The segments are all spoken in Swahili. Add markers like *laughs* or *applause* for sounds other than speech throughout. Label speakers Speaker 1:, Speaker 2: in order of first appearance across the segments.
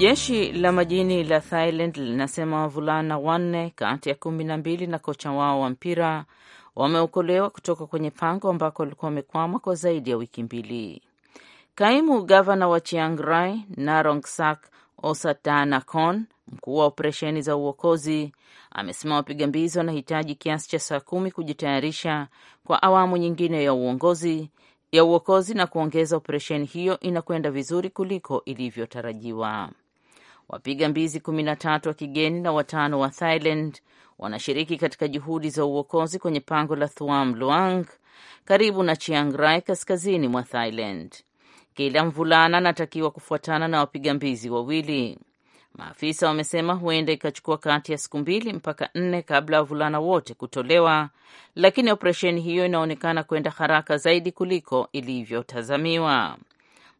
Speaker 1: Jeshi la majini la Thailand linasema wavulana wanne kati ya kumi na mbili na kocha wao wa mpira wameokolewa kutoka kwenye pango ambako walikuwa wamekwama kwa zaidi ya wiki mbili. Kaimu gavana wa Chiang Rai Narongsak Osatanakon, mkuu wa operesheni za uokozi, amesema wapiga mbizi wanahitaji kiasi cha saa kumi kujitayarisha kwa awamu nyingine ya uongozi ya uokozi na kuongeza operesheni hiyo inakwenda vizuri kuliko ilivyotarajiwa. Wapiga mbizi kumi wa kigeni na watano wa Thailand wanashiriki katika juhudi za uokozi kwenye pango la Thuam Luang karibu na Chiang Rai kaskazini mwa Thailand. Kila mvulana anatakiwa kufuatana na wapiga mbizi wawili. Maafisa wamesema huenda ikachukua kati ya siku mbili mpaka nne kabla ya wavulana wote kutolewa, lakini operesheni hiyo inaonekana kwenda haraka zaidi kuliko ilivyotazamiwa.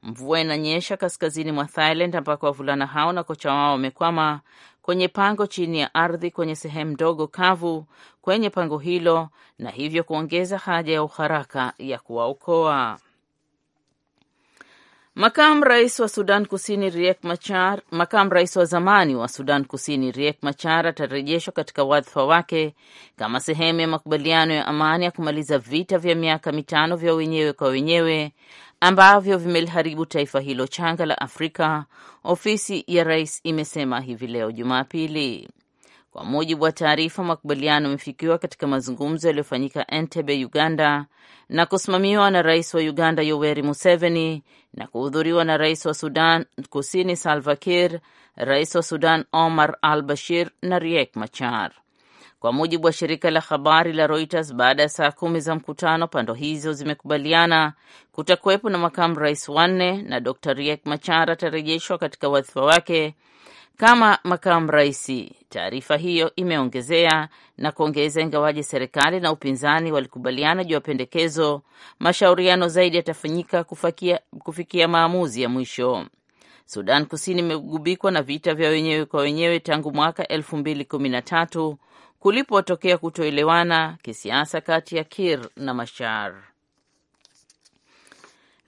Speaker 1: Mvua inanyesha kaskazini mwa Thailand ambako wavulana hao na kocha wao wamekwama kwenye pango chini ya ardhi kwenye sehemu ndogo kavu kwenye pango hilo na hivyo kuongeza haja ya uharaka ya kuwaokoa. Makamu rais wa Sudan Kusini Riek Machar, makamu rais wa zamani wa Sudan Kusini Riek Machar atarejeshwa katika wadhifa wake kama sehemu ya makubaliano ya amani ya kumaliza vita vya miaka mitano vya wenyewe kwa wenyewe ambavyo vimeliharibu taifa hilo changa la Afrika, ofisi ya rais imesema hivi leo Jumapili. Kwa mujibu wa taarifa, makubaliano yamefikiwa katika mazungumzo yaliyofanyika Entebbe, Uganda, na kusimamiwa na rais wa Uganda Yoweri Museveni na kuhudhuriwa na rais wa Sudan Kusini Salva Kiir, rais wa Sudan Omar al Bashir na Riek Machar. Kwa mujibu wa shirika la habari la Reuters, baada ya saa kumi za mkutano, pando hizo zimekubaliana kutakuwepo na makamu rais wanne na Dr Riek Machar atarejeshwa katika wadhifa wake kama makamu rais. Taarifa hiyo imeongezea na kuongeza, ingawaji serikali na upinzani walikubaliana juu ya pendekezo, mashauriano zaidi yatafanyika kufikia, kufikia maamuzi ya mwisho. Sudan Kusini imegubikwa na vita vya wenyewe kwa wenyewe tangu mwaka elfu mbili kumi na tatu kulipotokea kutoelewana kisiasa kati ya Kir na Mashar.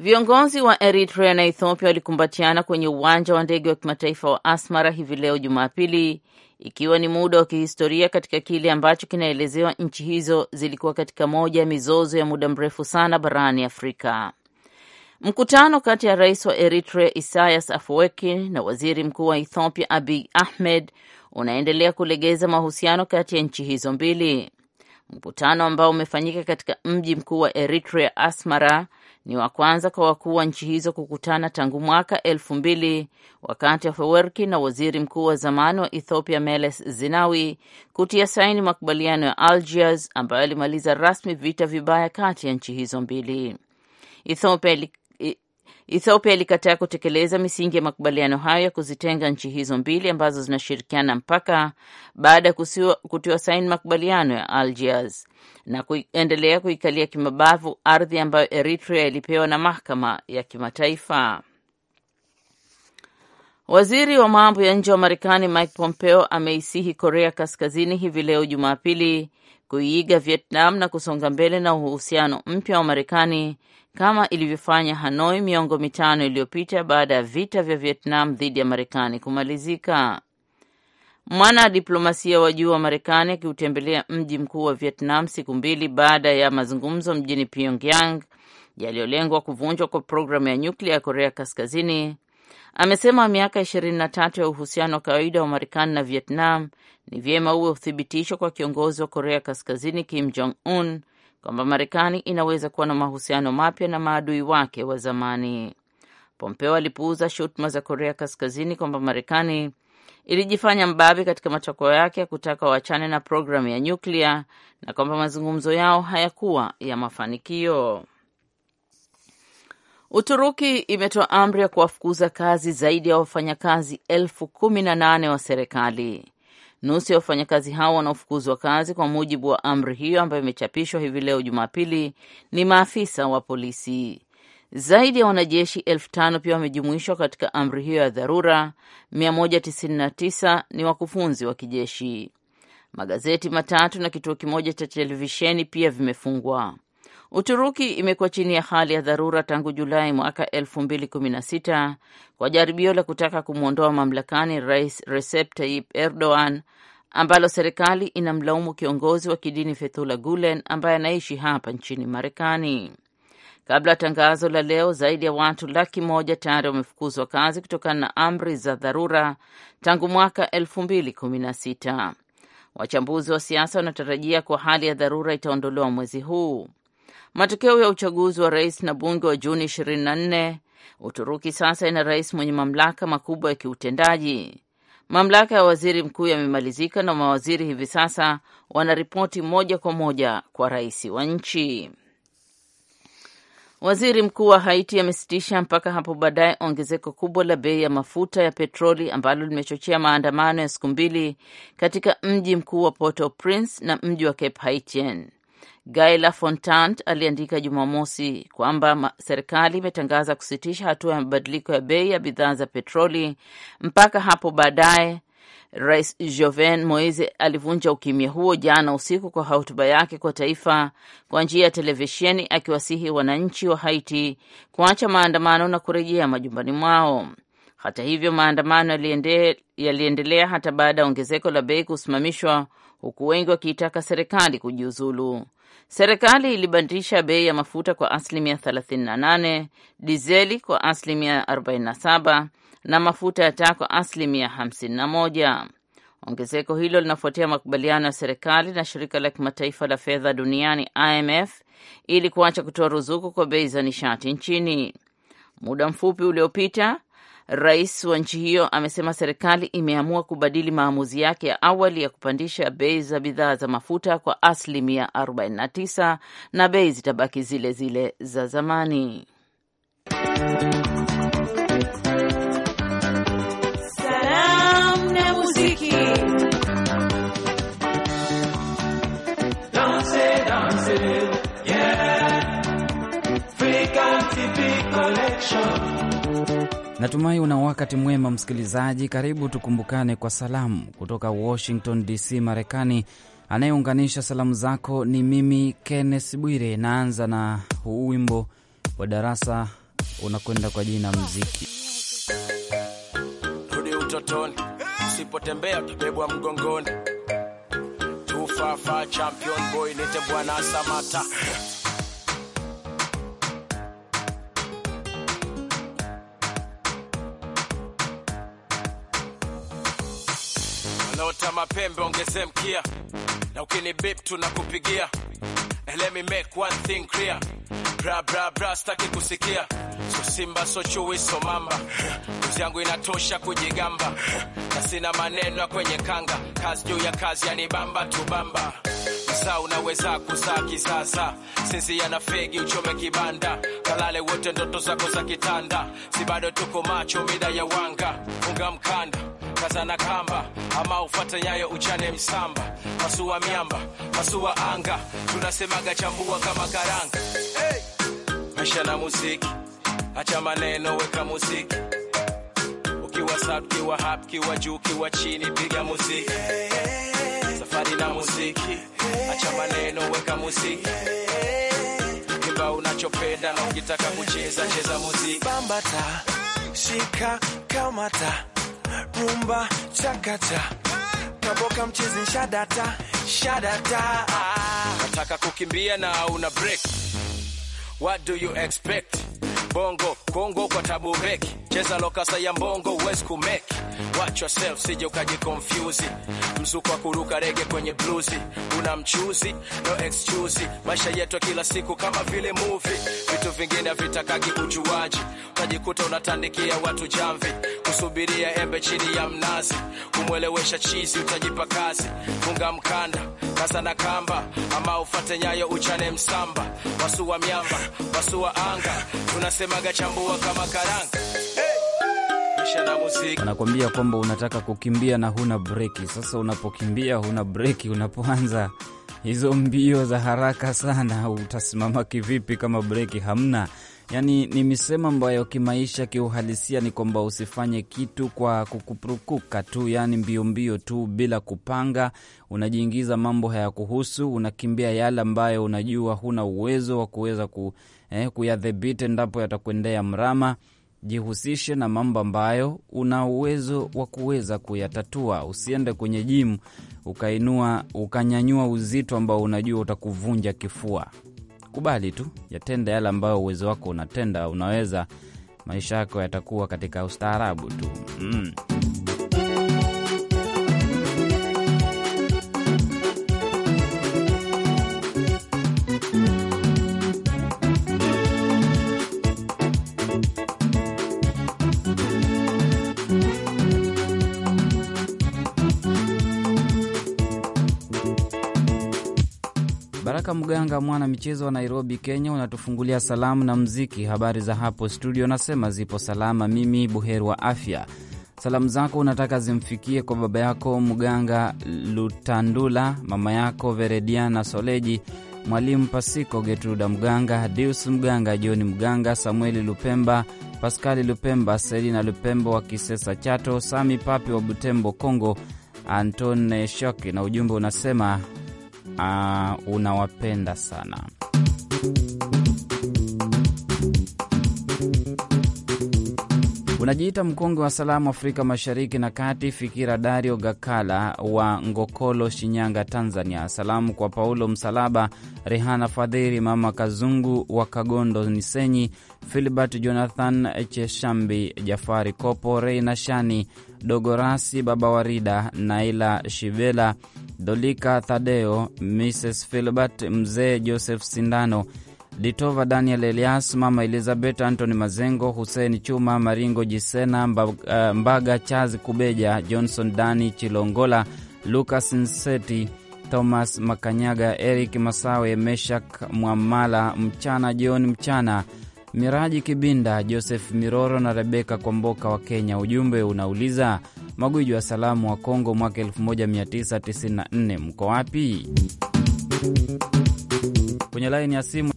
Speaker 1: Viongozi wa Eritrea na Ethiopia walikumbatiana kwenye uwanja wa ndege wa kimataifa wa Asmara hivi leo Jumapili, ikiwa ni muda wa kihistoria katika kile ambacho kinaelezewa nchi hizo zilikuwa katika moja ya mizozo ya muda mrefu sana barani Afrika. Mkutano kati ya rais wa Eritrea Isaias Afwerki na waziri mkuu wa Ethiopia Abiy Ahmed unaendelea kulegeza mahusiano kati ya nchi hizo mbili. Mkutano ambao umefanyika katika mji mkuu wa Eritrea, Asmara, ni wa kwanza kwa wakuu wa nchi hizo kukutana tangu mwaka elfu mbili wakati Afewerki na waziri mkuu wa zamani wa Ethiopia Meles Zenawi kutia saini makubaliano ya Algiers ambayo yalimaliza rasmi vita vibaya kati ya nchi hizo mbili. Ethiopia Ethiopia ilikataa kutekeleza misingi ya makubaliano hayo ya kuzitenga nchi hizo mbili ambazo zinashirikiana mpaka baada ya kutiwa saini makubaliano ya Algiers na kuendelea kuikalia kimabavu ardhi ambayo Eritrea ilipewa na mahakama ya kimataifa. Waziri wa mambo ya nje wa Marekani Mike Pompeo ameisihi Korea Kaskazini hivi leo Jumapili kuiiga Vietnam na kusonga mbele na uhusiano mpya wa Marekani kama ilivyofanya Hanoi miongo mitano iliyopita baada ya vita vya Vietnam dhidi ya Marekani kumalizika. Mwana diplomasia wa juu wa Marekani akiutembelea mji mkuu wa Vietnam siku mbili baada ya mazungumzo mjini Pyongyang yaliyolengwa kuvunjwa kwa programu ya nyuklia ya Korea Kaskazini Amesema miaka ishirini na tatu ya uhusiano wa kawaida wa Marekani na Vietnam ni vyema uwe uthibitisho kwa kiongozi wa Korea Kaskazini Kim Jong Un kwamba Marekani inaweza kuwa na mahusiano mapya na maadui wake wa zamani. Pompeo alipuuza shutuma za Korea Kaskazini kwamba Marekani ilijifanya mbabe katika matakwa yake ya kutaka waachane na programu ya nyuklia na kwamba mazungumzo yao hayakuwa ya mafanikio. Uturuki imetoa amri ya kuwafukuza kazi zaidi ya wafanyakazi elfu kumi na nane wa serikali. Nusu ya wafanyakazi hao wanaofukuzwa kazi kwa mujibu wa amri hiyo ambayo imechapishwa hivi leo Jumapili ni maafisa wa polisi. Zaidi ya wanajeshi elfu tano pia wamejumuishwa katika amri hiyo ya dharura. 199 ni wakufunzi wa kijeshi. Magazeti matatu na kituo kimoja cha televisheni pia vimefungwa. Uturuki imekuwa chini ya hali ya dharura tangu Julai mwaka 2016 kwa jaribio la kutaka kumwondoa mamlakani Rais Recep Tayyip Erdogan ambalo serikali inamlaumu kiongozi wa kidini Fethullah Gulen ambaye anaishi hapa nchini Marekani. Kabla ya tangazo la leo, zaidi ya watu laki moja tayari wamefukuzwa kazi kutokana na amri za dharura tangu mwaka 2016. Wachambuzi wa siasa wanatarajia kuwa hali ya dharura itaondolewa mwezi huu. Matokeo ya uchaguzi wa rais na bunge wa Juni 24, Uturuki sasa ina rais mwenye mamlaka makubwa ya kiutendaji. Mamlaka ya waziri mkuu yamemalizika na mawaziri hivi sasa wanaripoti moja kwa moja kwa rais wa nchi. Waziri mkuu wa Haiti amesitisha mpaka hapo baadaye ongezeko kubwa la bei ya mafuta ya petroli ambalo limechochea maandamano ya siku mbili katika mji mkuu wa Port-au-Prince na mji wa Cape Haitien. Guy Lafontant aliandika Jumamosi kwamba serikali imetangaza kusitisha hatua ya mabadiliko ya bei ya bidhaa za petroli mpaka hapo baadaye. Rais Joven Moise alivunja ukimya huo jana usiku kwa hotuba yake kwa taifa kwa njia ya televisheni akiwasihi wananchi wa Haiti kuacha maandamano na kurejea majumbani mwao. Hata hivyo, maandamano yaliendelea hata baada ya ongezeko la bei kusimamishwa huku wengi wakiitaka serikali kujiuzulu. Serikali ilibandisha bei ya mafuta kwa asilimia 38, dizeli kwa asilimia 47 na mafuta ya taa kwa asilimia 51. Ongezeko hilo linafuatia makubaliano ya serikali na shirika la kimataifa la fedha duniani IMF ili kuacha kutoa ruzuku kwa bei za nishati nchini. Muda mfupi uliopita Rais wa nchi hiyo amesema serikali imeamua kubadili maamuzi yake ya awali ya kupandisha bei za bidhaa za mafuta kwa asilimia 49 na bei zitabaki zile zile za zamani.
Speaker 2: Natumai una wakati mwema msikilizaji. Karibu tukumbukane kwa salamu kutoka Washington DC, Marekani. Anayeunganisha salamu zako ni mimi Kenneth Bwire. Naanza na huu wimbo wa Darasa unakwenda kwa jina mziki.
Speaker 3: Rudi utotoni, usipotembea kibebwa mgongoni. Tufafa champion boy, nite Bwana Samata cha mapembe ongeze mkia, na ukinibip tunakupigia. Eh, let me make one thing clear, bra bra bra, staki kusikia so simba so chui so mamba, kazi yangu inatosha kujigamba, na sina maneno kwenye kanga, kazi juu ya kazi yanibamba tubamba Saa unaweza kuzaa kisasa, sinzia na fegi uchome kibanda, kalale wote ndoto zako za kitanda, si bado tuko macho mida ya wanga, funga mkanda kazana kamba ama ufata nyayo uchane msamba, masuwa miamba, masuwa anga, tunasemaga chambua kama karanga. Hey! maisha na muziki, acha maneno, weka muziki, ukiwa sub, kiwa hap, kiwa juu, kiwa chini, piga muziki. safari na muziki, acha maneno, weka muziki hey, imba unachopenda na ukitaka kucheza, cheza muziki, bambata, shika, kamata rumba chakata kaboka mchezi shadata shadata, nataka kukimbia na una break, what do you expect bongo Kongo kwa tabu beki cheza lokasa ya mbongo uwezi kumeki watch yourself sije ukaji confuse mzuko wa kuruka rege kwenye bluesi una mchuzi no excuse maisha yetu kila siku kama vile movie vitu vingine havitakagi ujuaji utajikuta unatandikia watu jamvi kusubiria embe chini ya mnazi kumwelewesha chizi utajipa kazi funga mkanda kaza na kamba, ama ufate nyayo uchane msamba, wasuwa miamba, wasuwa anga, tunasemaga chambua kama karanga
Speaker 2: anakuambia kwamba unataka kukimbia na huna breki. Sasa unapokimbia huna breki, unapoanza hizo mbio za haraka sana, utasimama kivipi kama breki hamna? yani ni misemo ambayo kimaisha, kiuhalisia ni kwamba usifanye kitu kwa kukupurukuka tu, yani mbio mbio tu bila kupanga. Unajiingiza mambo hayakuhusu, unakimbia yale ambayo unajua huna uwezo wa kuweza ku, eh, kuyadhibiti endapo yatakuendea mrama. Jihusishe na mambo ambayo una uwezo wa kuweza kuyatatua. Usiende kwenye jimu ukainua ukanyanyua uzito ambao unajua utakuvunja kifua kubali tu, yatenda yale ambayo uwezo wako unatenda, unaweza maisha yako yatakuwa katika ustaarabu tu mm. Maganga, mwana michezo wa Nairobi, Kenya, unatufungulia salamu na mziki. Habari za hapo studio? Nasema zipo salama, mimi buheri wa afya. Salamu zako unataka zimfikie kwa baba yako Mganga Lutandula, mama yako Verediana Soleji, Mwalimu Pasiko, Getruda Mganga, Deus Mganga, joni Mganga, Samueli Lupemba, Paskali Lupemba, Selina lupembo wa Kisesa Chato, Sami Papi wa Butembo, Kongo, Antone Shoki, na ujumbe unasema uh, unawapenda sana. Unajiita mkongwe wa salamu Afrika Mashariki na Kati. Fikira Dario Gakala wa Ngokolo, Shinyanga, Tanzania. Salamu kwa Paulo Msalaba, Rehana Fadhiri, Mama Kazungu wa Kagondo, Nisenyi, Filibert Jonathan Cheshambi, Jafari Kopo, Reina Shani Dogorasi, Baba Warida, Naila Shivela, Dolika Thadeo, Mrs Filbert, Mzee Joseph Sindano, Ditova Daniel Elias, Mama Elizabeth Antony Mazengo, Hussein Chuma, Maringo Jisena, uh, Mbaga, Mbaga Kubeja, Johnson Dani Chilongola, Lucas Nseti, Thomas Makanyaga, Eric Masawe, Meshak Mwamala, Mchana John Mchana, Miraji Kibinda, Joseph Miroro na Rebeka Kwamboka wa Kenya. Ujumbe unauliza Maguiju wa salamu wa Kongo mwaka 1994. Mko wapi? Kwenye laini ya simu.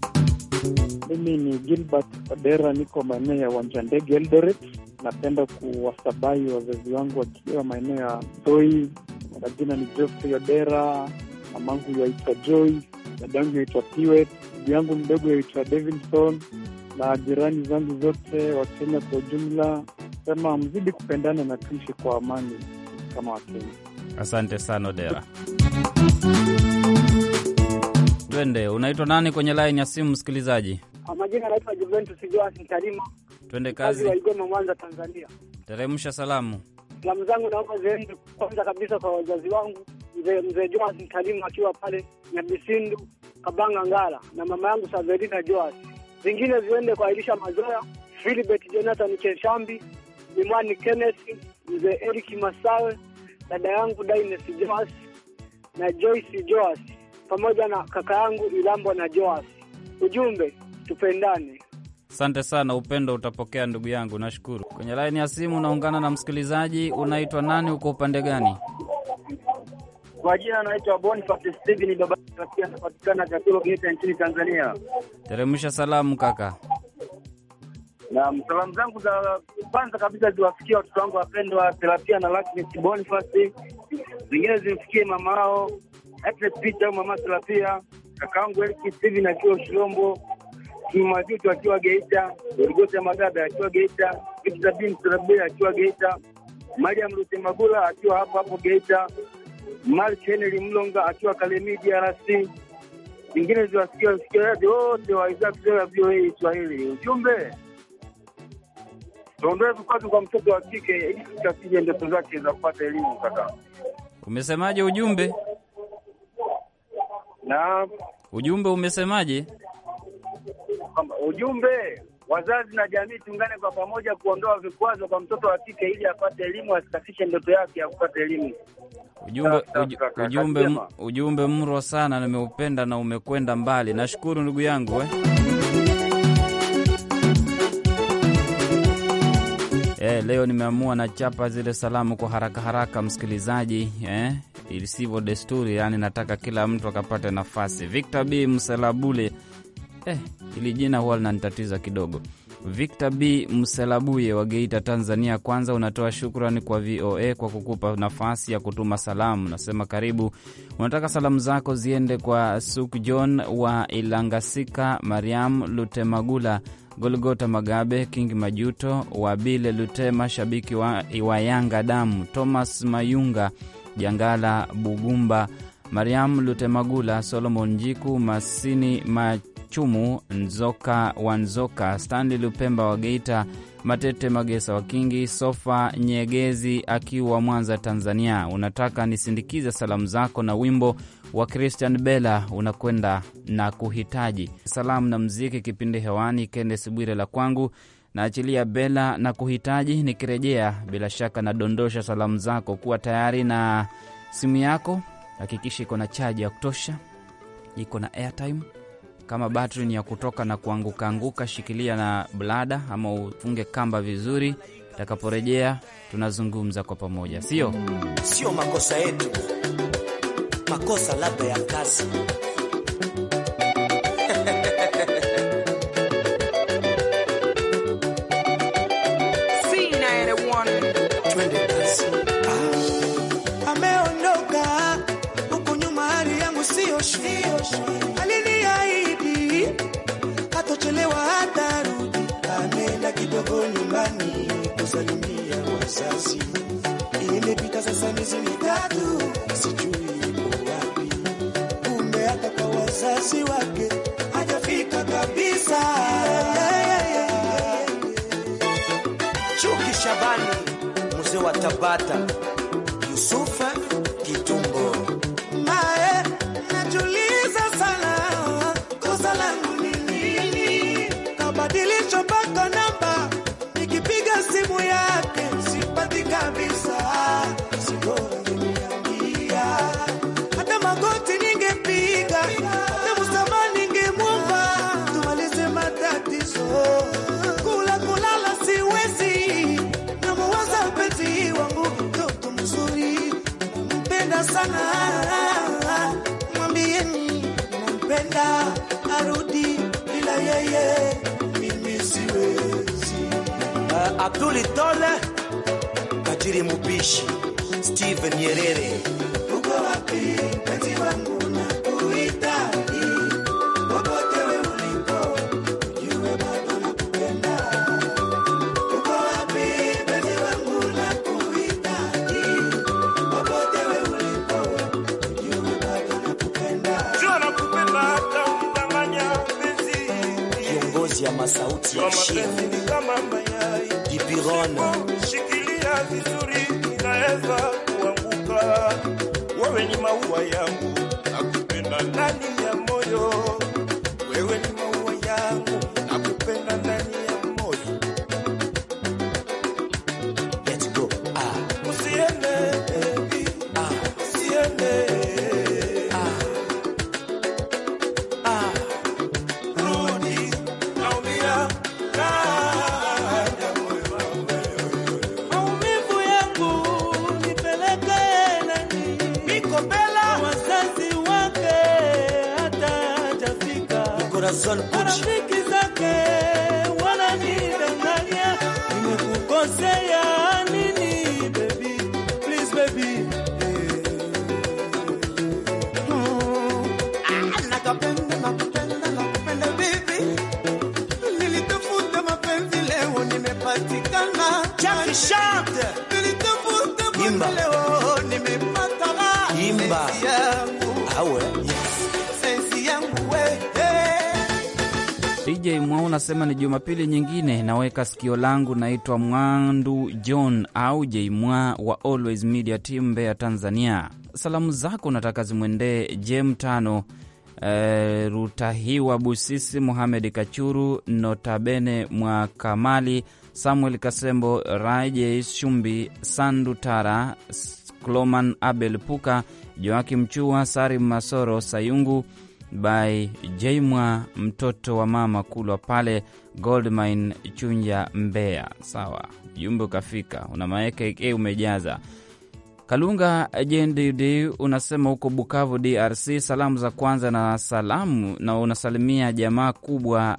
Speaker 4: Mimi ni Gilbert Odera, niko maeneo ya uwanja ndege Eldoret. Napenda kuwasabai wazazi wangu wakiwa maeneo ya Toi. Majina ni Geoffrey Odera, mamangu yaitwa Joy, dadangu yaitwa Piwet, ndugu yangu mdogo yaitwa Davidson na jirani zangu zote wa Kenya kwa ujumla nasema mzidi kupendana na tuishi kwa amani kama Wakenya.
Speaker 2: Asante sana Odera. Twende, unaitwa nani kwenye laini ya simu, msikilizaji?
Speaker 4: Majina anaitwa Juventus Joasi
Speaker 5: Tarimo.
Speaker 2: Twende kazi, wa
Speaker 5: Igoma, Mwanza, Tanzania.
Speaker 2: Teremsha salamu.
Speaker 5: Salamu zangu naomba ziende kwanza kabisa kwa wazazi wangu, mzee mzee Joasi Tarimo akiwa pale Nyabisindu Kabanga Ngara, na mama yangu Saverina Joasi. Zingine ziende kwa Elisha Mazoya, Philibert Jonathan Keshambi, Jimani Kenneth, mzee Eric Masawe, dada yangu Dyness Joas na Joyce Joas, pamoja na kaka yangu Ilambo na Joas. Ujumbe, tupendane.
Speaker 2: Asante sana, upendo utapokea ndugu yangu, nashukuru. Kwenye laini ya simu unaungana na msikilizaji, unaitwa nani, uko upande gani?
Speaker 5: Kwa jina anaitwa Boniface Steven, baba anapatikana Katoro Geita nchini Tanzania.
Speaker 2: Teremsha salamu kaka.
Speaker 5: Na salamu zangu za kwanza kabisa ziwafikia watoto wangu wapendwa Therapia na Lakmisi Bonifasi, zingine zimfikie mama ao Peter au mama Therapia, kakaangu Elki Steven akiwa Ushirombo, Kimajuto akiwa Geita, ya Magada akiwa Geita, Kitabin Therapia akiwa Geita, Mariam Rute Magula akiwa hapo hapo Geita, Mark Henry Mlonga akiwa Kalemi DRC. Zingine ziwasikia wasikiaji wote wa idhaa ya VOA Swahili. Ujumbe tuondoe vikwazo kwa mtoto wa kike ili tusifikie ndoto zake za kupata elimu. Kaka,
Speaker 2: umesemaje? Ujumbe na ujumbe umesemaje?
Speaker 5: Ujumbe, wazazi na jamii tuungane kwa pamoja kuondoa vikwazo kwa mtoto wa kike ili apate elimu, asitafishe ndoto yake ya kupata elimu.
Speaker 2: Ujumbe, ujumbe, ujumbe mro sana, nimeupenda na umekwenda mbali. Nashukuru ndugu yangu eh. leo nimeamua na chapa zile salamu kwa haraka haraka, msikilizaji eh? Ilisivo desturi, yaani nataka kila mtu akapate nafasi. Victor B Mselabule, eh, ili jina huwa linanitatiza kidogo. Victor B Mselabuye wa Geita, Tanzania, kwanza unatoa shukrani kwa VOA kwa kukupa nafasi ya kutuma salamu. Unasema karibu, unataka salamu zako ziende kwa Suk John wa Ilangasika, Mariam Lutemagula Golgota Magabe, King Majuto, Wabile Lutema, shabiki wa, wa Yanga damu, Thomas Mayunga, Jangala Bugumba, Mariam Lutemagula, Solomon Njiku, Masini Machumu, Nzoka wa Nzoka, Stanley Lupemba wa Geita, Matete Magesa wa Kingi, Sofa Nyegezi akiwa Mwanza, Tanzania. Unataka nisindikize salamu zako na wimbo wa Christian Bela unakwenda na kuhitaji salamu na mziki. Kipindi hewani Kendes Bwire la kwangu naachilia Bela na kuhitaji. Nikirejea bila shaka nadondosha salamu zako. Kuwa tayari na simu yako, hakikisha iko na chaji ya kutosha, iko na airtime kama batri ni ya kutoka na kuanguka anguka, shikilia na blada ama ufunge kamba vizuri. Takaporejea tunazungumza kwa pamoja, sio
Speaker 4: sio makosa yetu makosa labda ya kazi. Ah, ameondoka huku nyuma, hali yangu siyo nyumbani kusalimia wazazi. Imepita sasa miezi mitatu. mfuasi wake hajafika kabisa. Chuki Shabani, mzee wa Tabata. Abduli Tole tajiri mupishi Steven Nyerere, uko wapi penzi wangu?
Speaker 3: ya masauti ya Rona. Shikilia vizuri, inaweza kuanguka. Wewe ni maua yangu, nakupenda ndani ya moyo Каждый
Speaker 2: DJ Mwau unasema ni Jumapili nyingine, naweka sikio langu. Naitwa Mwandu John au Mwa wa Always Media Team, Mbeya, Tanzania. Salamu zako nataka zimwendee Jem Tano, e, Rutahiwa Busisi, Muhamed Kachuru, Notabene Mwakamali, Samuel Kasembo, Raje Shumbi, Sandu Tara, Cloman Abel Puka, Joakim Chua, sari Masoro Sayungu by Jaimwa, mtoto wa mama Kulwa pale Goldmine Chunja, Mbeya. Sawa, jumbe ukafika, una maeke umejaza Kalunga Jendidi unasema huko Bukavu, DRC, salamu za kwanza na salamu na unasalimia jamaa kubwa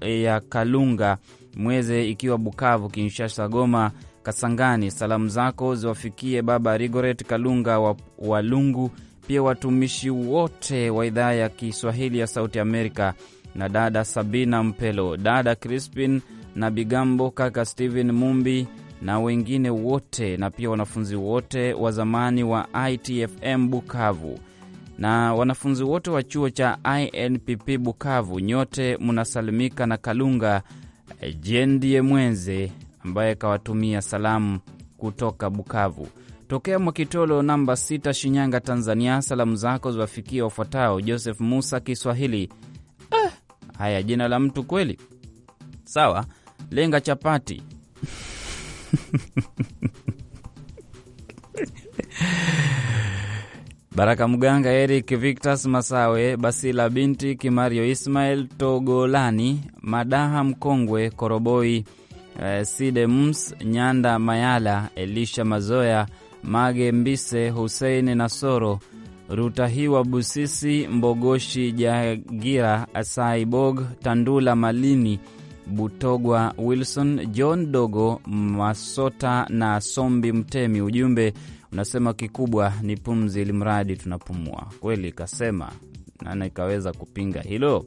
Speaker 2: eh, ya Kalunga Mweze ikiwa Bukavu, Kinshasa, Goma, Kasangani. Salamu zako ziwafikie baba Rigoret Kalunga wa Walungu pia watumishi wote wa idhaa ya Kiswahili ya Sauti Amerika na dada Sabina Mpelo, dada Crispin na Bigambo, kaka stephen Mumbi na wengine wote, na pia wanafunzi wote wa zamani wa ITFM Bukavu na wanafunzi wote wa chuo cha INPP Bukavu, nyote mnasalimika na Kalunga eh, Jendie Mwenze ambaye kawatumia salamu kutoka Bukavu tokea Mwakitolo namba 6 Shinyanga, Tanzania. Salamu zako ziwafikia wafuatao: Joseph Musa Kiswahili. Eh, haya jina la mtu kweli! Sawa, lenga chapati *laughs* Baraka Mganga, Eric Victas Masawe, Basila binti Kimario, Ismael Togolani, Madaha Mkongwe, Koroboi, eh, Nyanda Mayala, Elisha Mazoya Mage Mbise, Hussein Nasoro Rutahiwa Busisi, Mbogoshi Jagira, Asaibog Tandula, Malini Butogwa, Wilson John Dogo Masota na Sombi Mtemi. Ujumbe unasema kikubwa ni pumzi, ili mradi tunapumua. Kweli kasema, nani kaweza kupinga hilo?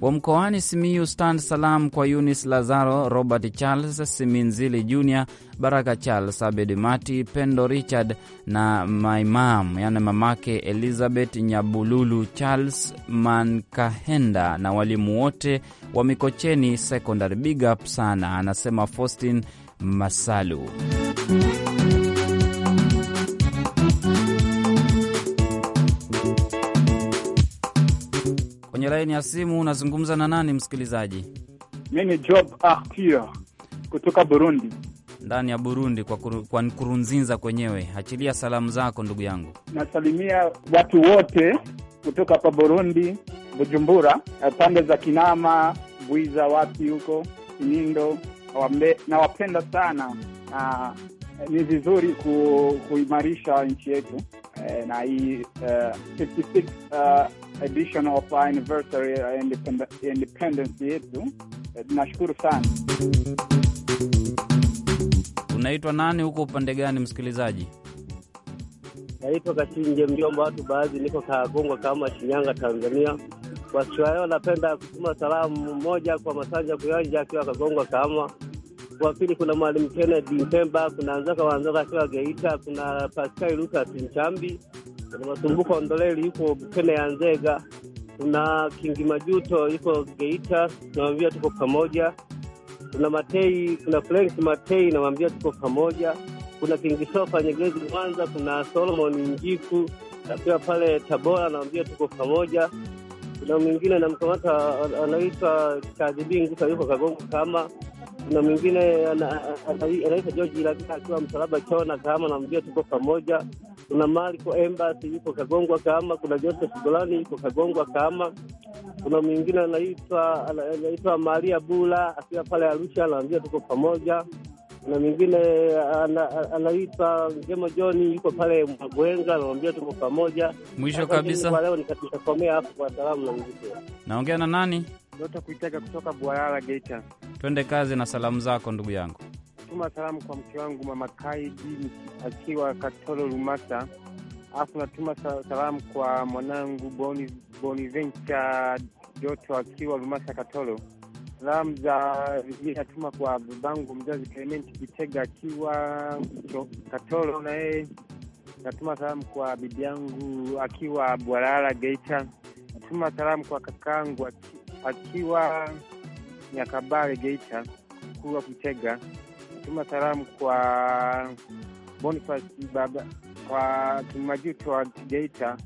Speaker 2: wa mkoani Simiyu Stand Salam kwa Yunis Lazaro, Robert Charles Siminzili Jr, Baraka Charles, Abed Mati, Pendo Richard na maimam, yani mamake Elizabeth Nyabululu Charles Mankahenda na walimu wote wa Mikocheni Secondary. Big up sana, anasema Faustin Masalu. laini ya simu. Unazungumza na nani msikilizaji?
Speaker 4: Mi ni Job artur kutoka Burundi,
Speaker 2: ndani ya Burundi kwa, kuru, kwa Nkurunzinza kwenyewe. Achilia salamu zako ndugu yangu.
Speaker 4: Nasalimia watu wote kutoka hapa Burundi, Bujumbura, pande za Kinama, Bwiza, wapi huko Kinindo. Nawapenda sana na ni vizuri ku, kuimarisha nchi yetu eh, na hii uh, 56 uh, edition of anniversary ya uh, independence yetu. Eh, nashukuru sana.
Speaker 2: Unaitwa nani huko upande gani, msikilizaji?
Speaker 5: Naitwa kachinje mjomba watu baadhi, niko Kagongwa kama Shinyanga, Tanzania. Waswayo napenda kutuma salamu moja kwa Masanja Kuyanja akiwa Kagongwa kama wa pili kuna Mwalimu Kennedy Mpemba, kuna Anzaka Wanzaka akiwa Geita, kuna Pascal Lucas Mchambi, Masumbuko Ndoleli yuko Bukene ya Nzega, tuna Kingi Majuto yuko Geita, tunamwambia tuko pamoja. Kuna Matei, kuna Frank Matei, nawambia tuko pamoja. Kuna sofa Nyegezi Mwanza, kuna Solomon Njiku nakiwa pale Tabora, nawambia tuko pamoja. Kuna mwingine namkamata anaitwa Nguta, yuko Kagongo kama na mwingine anaitwa George Ilaga akiwa msalaba chona Kahama, namjua tuko pamoja. Kuna Marco Embasi yuko Kagongwa Kahama, kuna Joseph Golani yuko Kagongwa Kahama. Kuna mwingine anaitwa anaitwa Maria Bula akiwa pale Arusha, namjua tuko pamoja. na mwingine anaitwa Ngemo John yuko pale Mwagwenga, namwambia tuko pamoja.
Speaker 2: Mwisho kabisa kwa leo
Speaker 5: nikatakomea hapo kwa salamu na muziki.
Speaker 2: Naongea na nani?
Speaker 5: Dota Kuitaga kutoka Bwalala Geita.
Speaker 2: Twende kazi na salamu zako ndugu yangu.
Speaker 5: Tuma salamu kwa mke wangu mama Kaidi akiwa Katoro Lumasa, alafu natuma salamu kwa mwanangu Boni Boniventure Doto akiwa Lumasa Katoro. Salamu za natuma kwa babangu mzazi Clement Kitega akiwa Katoro, na yeye natuma salamu kwa bibi yangu akiwa Bwarala Geita. Natuma salamu kwa kakaangu akiwa Nyakabare Geita, kuwa wa tuma salamu kwa Boniface baba kwa Kimajuto wa Geita.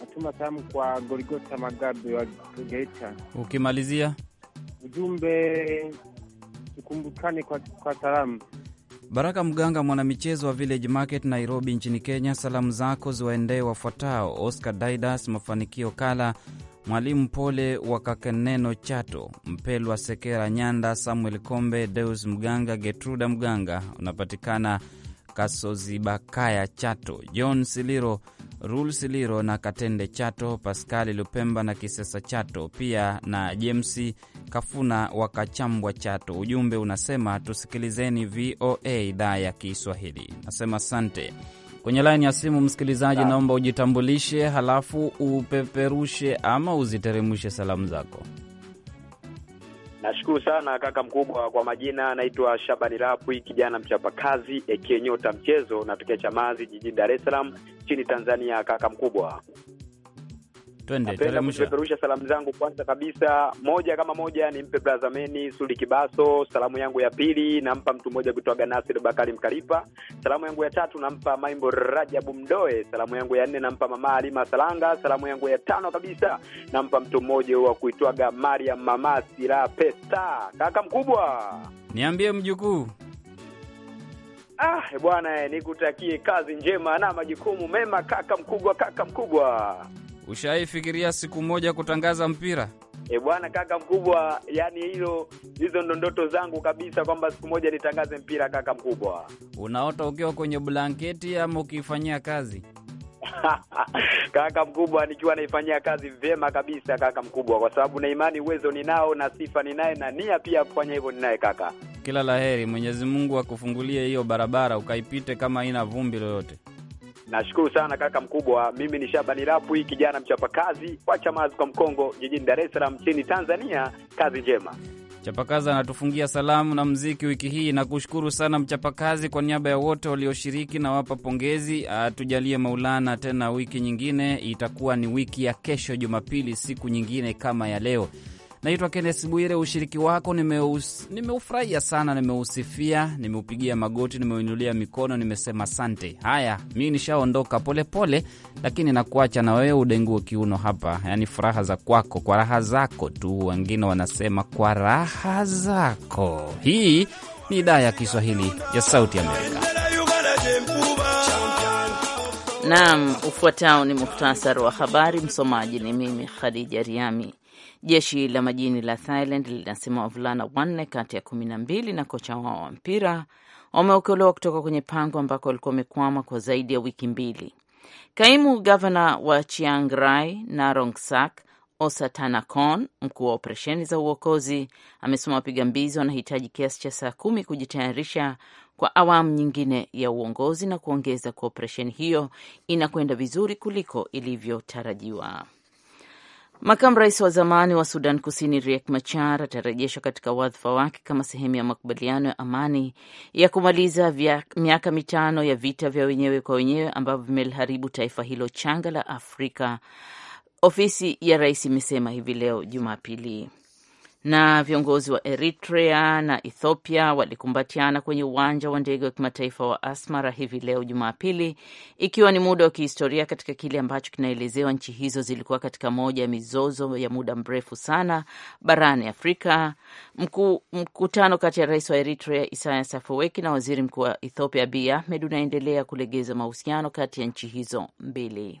Speaker 5: Natuma salamu kwa Gorigota Magabe wa Geita.
Speaker 2: Ukimalizia
Speaker 5: ujumbe tukumbukane kwa, kwa salamu.
Speaker 2: Baraka Mganga, mwanamichezo wa Village Market Nairobi nchini Kenya, salamu zako ziwaendee wafuatao: Oscar Didas, Mafanikio Kala, Mwalimu Pole wa Kakeneno Chato, Mpelwa Sekera Nyanda, Samuel Kombe, Deus Mganga, Getruda Mganga, unapatikana Kasozibakaya Chato, John Siliro, Rul Siliro na Katende Chato, Paskali Lupemba na Kisesa Chato, pia na James Kafuna wa Kachambwa Chato. Ujumbe unasema tusikilizeni VOA idhaa ya Kiswahili. Nasema asante. Kwenye laini ya simu, msikilizaji, naomba ujitambulishe, halafu upeperushe ama uziteremshe salamu zako.
Speaker 4: Nashukuru sana kaka mkubwa. Kwa majina naitwa Shabani Rapwi, kijana mchapakazi ekinyota mchezo, natokea Chamazi jijini Dar es Salaam nchini Tanzania. Kaka mkubwa,
Speaker 2: Napenda kuzipeperusha
Speaker 4: salamu zangu. Kwanza kabisa, moja kama moja, nimpe braza meni Suli Kibaso. Salamu yangu ya pili nampa mtu mmoja kutoka Nasir Bakari Mkaripa. Salamu yangu ya tatu nampa Maimbo Rajabu Mdoe. Salamu yangu ya nne nampa mama Alima Salanga. Salamu yangu ya tano kabisa nampa mtu mmoja wa kuitwaga mariam mama Sila Pesta. Kaka mkubwa,
Speaker 2: niambie mjukuu.
Speaker 4: Ah, e bwana, nikutakie kazi njema na majukumu mema, kaka mkubwa, kaka mkubwa.
Speaker 2: Ushaifikiria siku moja kutangaza mpira?
Speaker 4: E bwana, kaka mkubwa, yani hilo hizo ndo ndoto zangu kabisa, kwamba siku moja nitangaze mpira. Kaka mkubwa,
Speaker 2: unaota ukiwa kwenye blanketi ama ukiifanyia kazi?
Speaker 4: *laughs* Kaka mkubwa, nikiwa naifanyia kazi vyema kabisa, kaka mkubwa, kwa sababu na imani uwezo ninao na sifa ninaye na nia pia kufanya hivyo ninaye. Kaka,
Speaker 2: kila la heri, Mwenyezi Mungu akufungulie hiyo barabara ukaipite kama haina vumbi lolote.
Speaker 4: Nashukuru sana kaka mkubwa. Mimi ni Shabani rapwi kijana mchapakazi wa Chamazi kwa Mkongo, jijini Dar es Salaam nchini Tanzania. Kazi njema.
Speaker 2: Mchapakazi anatufungia salamu na mziki wiki hii. Nakushukuru sana mchapakazi, kwa niaba ya wote walioshiriki nawapa pongezi. Atujalie ah, Maulana tena wiki nyingine, itakuwa ni wiki ya kesho Jumapili, siku nyingine kama ya leo. Naitwa kennes Bwire. Ushiriki wako nimeufurahia nime sana, nimeusifia, nimeupigia magoti, nimeuinulia mikono, nimesema sante Haya, mi nishaondoka polepole, lakini nakuacha na wewe udenguo kiuno hapa, yaani furaha za kwako kwa raha zako tu, wengine wanasema kwa raha zako. Hii ni idhaa ya Kiswahili ya Sauti Amerika.
Speaker 1: Naam, ufuatao ni muhtasari wa habari. Msomaji ni mimi Khadija Riami. Jeshi la majini la Thailand linasema wavulana wanne kati ya kumi na mbili na kocha wao wa mpira wameokolewa kutoka kwenye pango ambako walikuwa wamekwama kwa zaidi ya wiki mbili. Kaimu gavana wa Chiang Rai Narongsak Osatanakon, mkuu wa operesheni za uokozi, amesema wapiga mbizi wanahitaji kiasi cha saa kumi kujitayarisha kwa awamu nyingine ya uongozi na kuongeza kwa operesheni hiyo inakwenda vizuri kuliko ilivyotarajiwa. Makamu rais wa zamani wa Sudan Kusini Riek Machar atarejeshwa katika wadhifa wake kama sehemu ya makubaliano ya amani ya kumaliza vya, miaka mitano ya vita vya wenyewe kwa wenyewe ambavyo vimeliharibu taifa hilo changa la Afrika. Ofisi ya rais imesema hivi leo Jumapili na viongozi wa Eritrea na Ethiopia walikumbatiana kwenye uwanja wa ndege wa kimataifa wa Asmara hivi leo Jumapili, ikiwa ni muda wa kihistoria katika kile ambacho kinaelezewa nchi hizo zilikuwa katika moja ya mizozo ya muda mrefu sana barani Afrika. Mku, mkutano kati ya rais wa Eritrea Isaias Afwerki na waziri mkuu wa Ethiopia Abiy Ahmed unaendelea kulegeza mahusiano kati ya nchi hizo mbili.